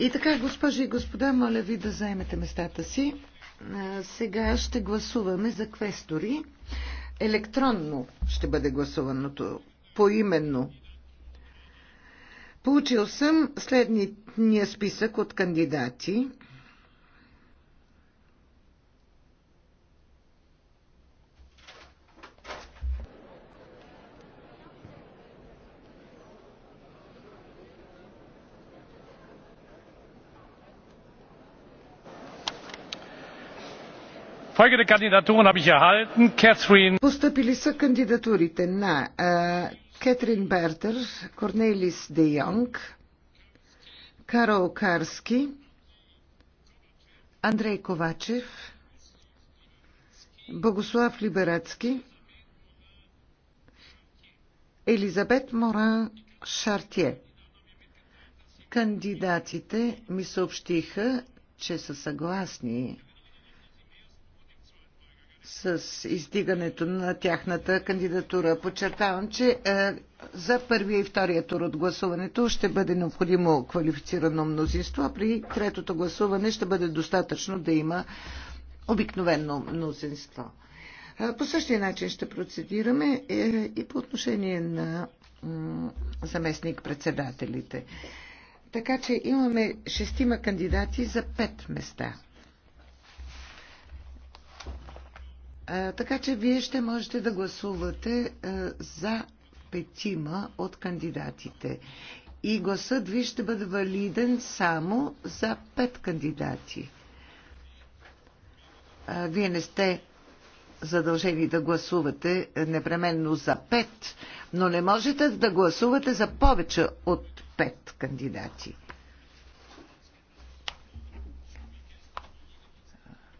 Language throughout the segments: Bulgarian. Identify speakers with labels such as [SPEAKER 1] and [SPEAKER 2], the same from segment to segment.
[SPEAKER 1] И така, госпожи и господа, моля ви да заемете местата си. Сега ще гласуваме за квестори. Електронно ще бъде гласуваното, поименно. Получил съм следния списък от кандидати.
[SPEAKER 2] Folgende Kandidaturen habe ich erhalten.
[SPEAKER 1] Catherine. Постъпили са кандидатурите на Кетрин Бертер, Корнелис Де Йонг, Карол Карски, Андрей Ковачев, Богослав Либерацки, Елизабет Моран Шартие. Кандидатите ми съобщиха, че са съгласни с издигането на тяхната кандидатура. Подчертавам, че е, за първия и втория тур от гласуването ще бъде необходимо квалифицирано мнозинство, а при третото гласуване ще бъде достатъчно да има обикновено мнозинство. Е, по същия начин ще процедираме е, и по отношение на заместник-председателите. Така че имаме шестима кандидати за пет места. Така че вие ще можете да гласувате за петима от кандидатите. И гласът ви ще бъде валиден само за пет кандидати. Вие не сте задължени да гласувате непременно за пет, но не можете да гласувате за повече от пет кандидати.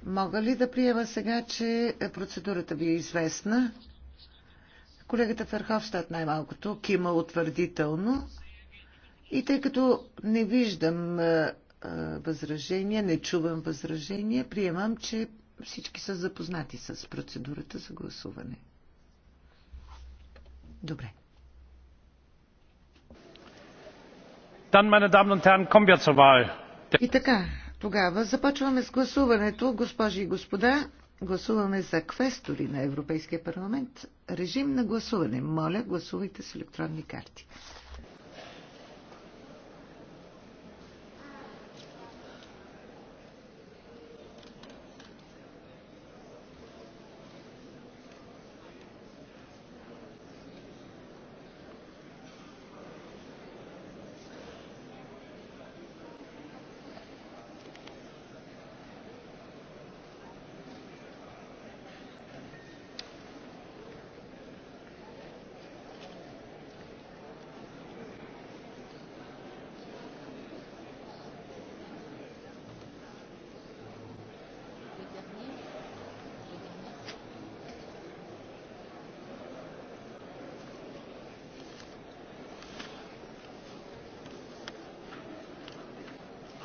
[SPEAKER 1] Мога ли да приема сега, че процедурата ви е известна? Колегата Ферховстат най-малкото кима утвърдително. И тъй като не виждам възражения, не чувам възражения, приемам, че всички са запознати с процедурата за гласуване. Добре. И така, тогава започваме с гласуването. Госпожи и господа, гласуваме за квестори на Европейския парламент. Режим на гласуване. Моля, гласувайте с електронни карти.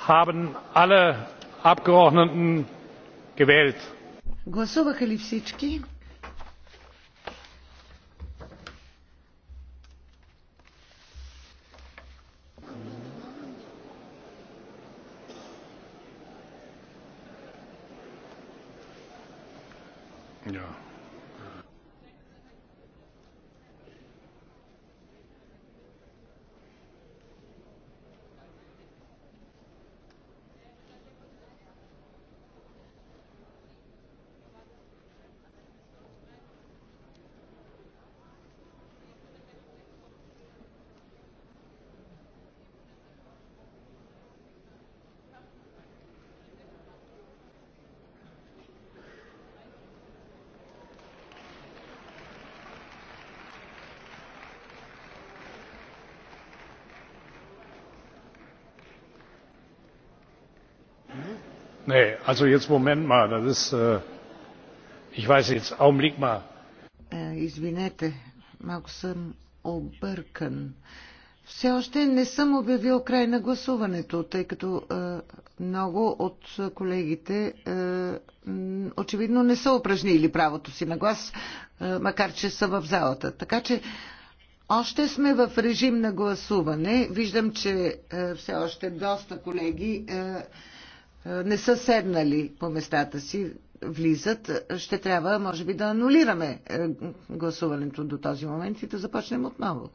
[SPEAKER 2] haben alle abgeordneten gewählt. Nee, also jetzt Moment mal, das ist, äh, ich weiß jetzt, Augenblick mal.
[SPEAKER 1] Е, извинете, малко съм объркан. Все още не съм обявил край на гласуването, тъй като е, много от колегите е, очевидно не са упражнили правото си на глас, макар че са в залата. Така че още сме в режим на гласуване. Виждам, че все още доста колеги не са седнали по местата си, влизат, ще трябва, може би, да анулираме гласуването до този момент и да започнем отново.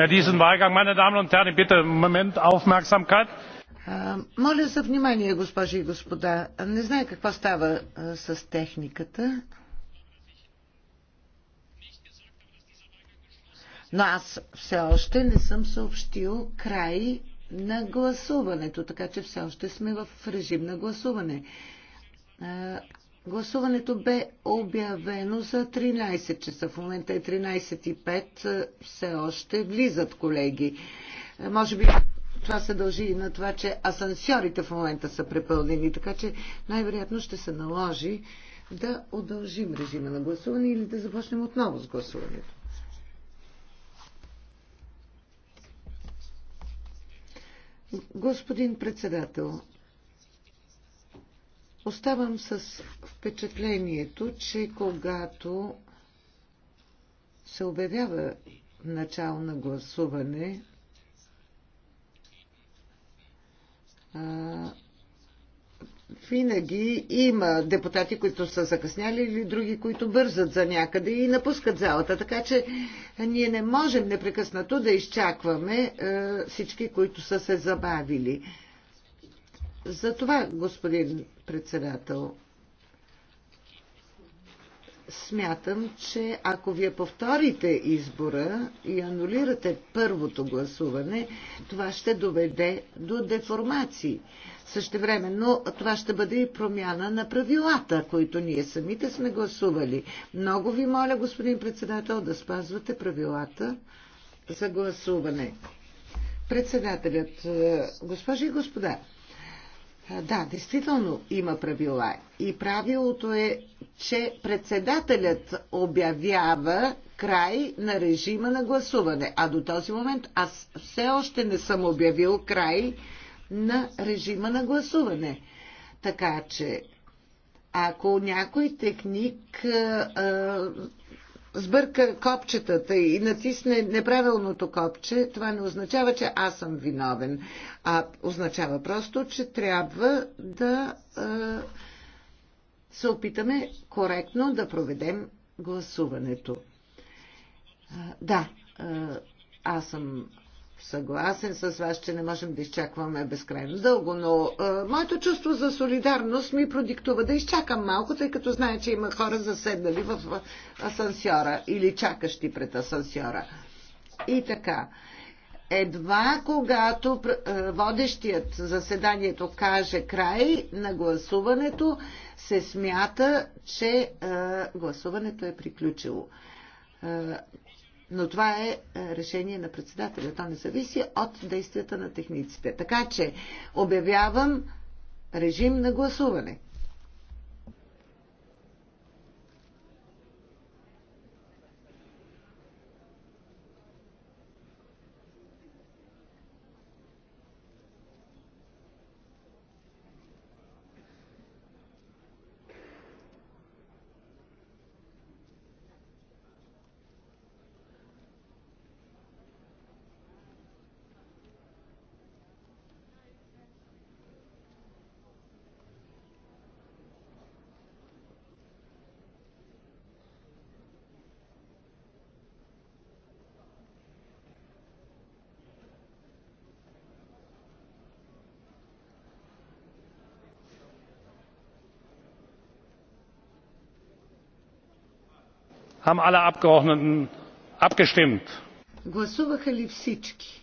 [SPEAKER 2] Ja, diesen wahlgang meine damen und herren ich bitte einen moment aufmerksamkeit.
[SPEAKER 1] Моля за внимание, госпожи и господа. Не знае какво става с техниката. Но аз все още не съм съобщил край на гласуването, така че все още сме в режим на гласуване. Гласуването бе обявено за 13 часа. В момента е 13.05. Все още влизат колеги. Може би това се дължи и на това, че асансьорите в момента са препълнени, така че най-вероятно ще се наложи да удължим режима на гласуване или да започнем отново с гласуването. Господин председател, оставам с впечатлението, че когато се обявява начало на гласуване, винаги има депутати, които са закъсняли или други, които бързат за някъде и напускат залата. Така че ние не можем непрекъснато да изчакваме всички, които са се забавили. За това, господин председател, смятам, че ако вие повторите избора и анулирате първото гласуване, това ще доведе до деформации. но това ще бъде и промяна на правилата, които ние самите сме гласували. Много ви моля, господин председател, да спазвате правилата за гласуване. Председателят, е, госпожи и господа, да, действително има правила. И правилото е, че председателят обявява край на режима на гласуване. А до този момент аз все още не съм обявил край на режима на гласуване. Така че, ако някой техник а, сбърка копчетата и натисне неправилното копче, това не означава, че аз съм виновен, а означава просто, че трябва да е, се опитаме коректно да проведем гласуването. Да, аз съм Съгласен с вас, че не можем да изчакваме безкрайно дълго, но а, моето чувство за солидарност ми продиктува да изчакам малко, тъй като знае, че има хора заседнали в асансьора или чакащи пред асансьора. И така. Едва когато водещият заседанието каже край на гласуването, се смята, че гласуването е приключило. Но това е, е решение на председателя. То не зависи от действията на техниците. Така че обявявам режим на гласуване.
[SPEAKER 2] haben alle abgeordneten abgestimmt?
[SPEAKER 1] гласуваха ли всички?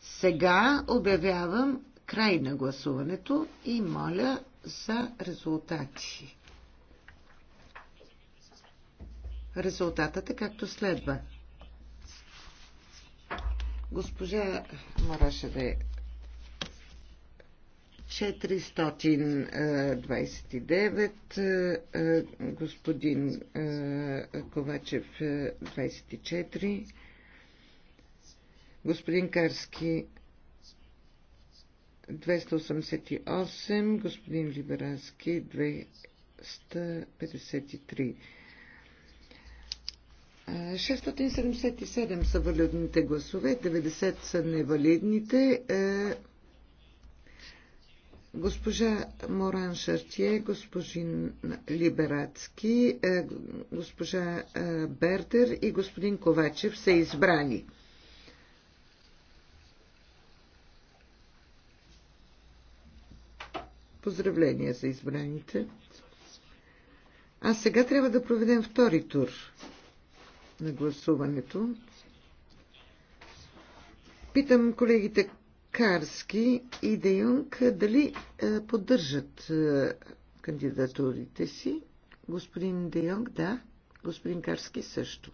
[SPEAKER 1] Сега обявявам край на гласуването и моля за резултати. Резултатът е както следва. Госпожа да е 429, е, е, е, господин Ковачев 24, господин Карски 288, господин Либерански 253. 677 са валидните гласове, 90 са невалидните. Госпожа Моран Шартие, господин Либерацки, е, госпожа е, Бердер и господин Ковачев са избрани. Поздравления за избраните. А сега трябва да проведем втори тур на гласуването. Питам колегите, Карски и Де Юнг дали поддържат кандидатурите си. Господин Де Йонг, да. Господин Карски също.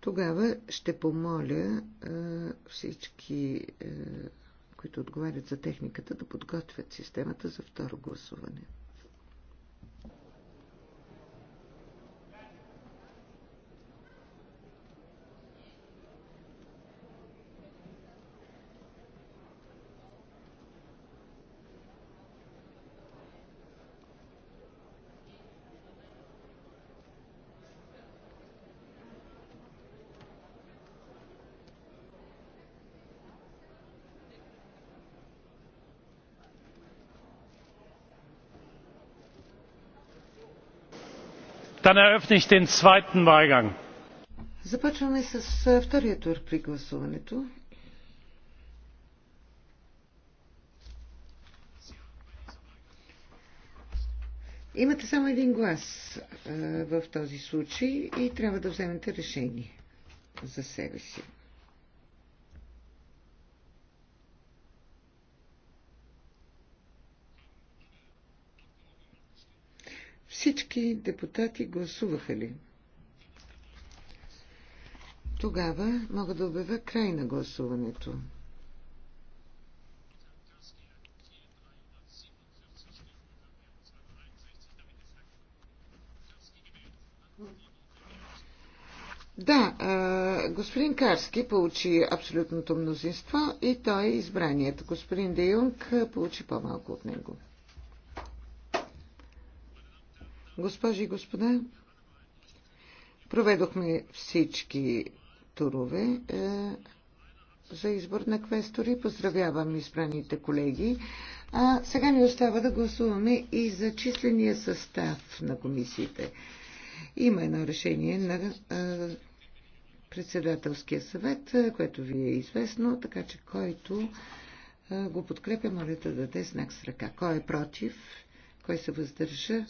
[SPEAKER 1] Тогава ще помоля всички, които отговарят за техниката, да подготвят системата за второ гласуване.
[SPEAKER 2] Dann eröffne ich den zweiten Wahlgang.
[SPEAKER 1] Започваме с втория тур при гласуването. Имате само един глас в този случай и трябва да вземете решение за себе си. Всички депутати гласуваха ли? Тогава мога да обявя край на гласуването. Да, господин Карски получи абсолютното мнозинство и той е избраният. Господин Де Юнг получи по-малко от него. Госпожи и господа, проведохме всички турове е, за избор на квестори. Поздравявам избраните колеги. А сега ни остава да гласуваме и за числения състав на комисиите. Има едно решение на е, председателския съвет, е, което ви е известно, така че който го подкрепя, моля да даде знак с ръка. Кой е против? Кой се въздържа?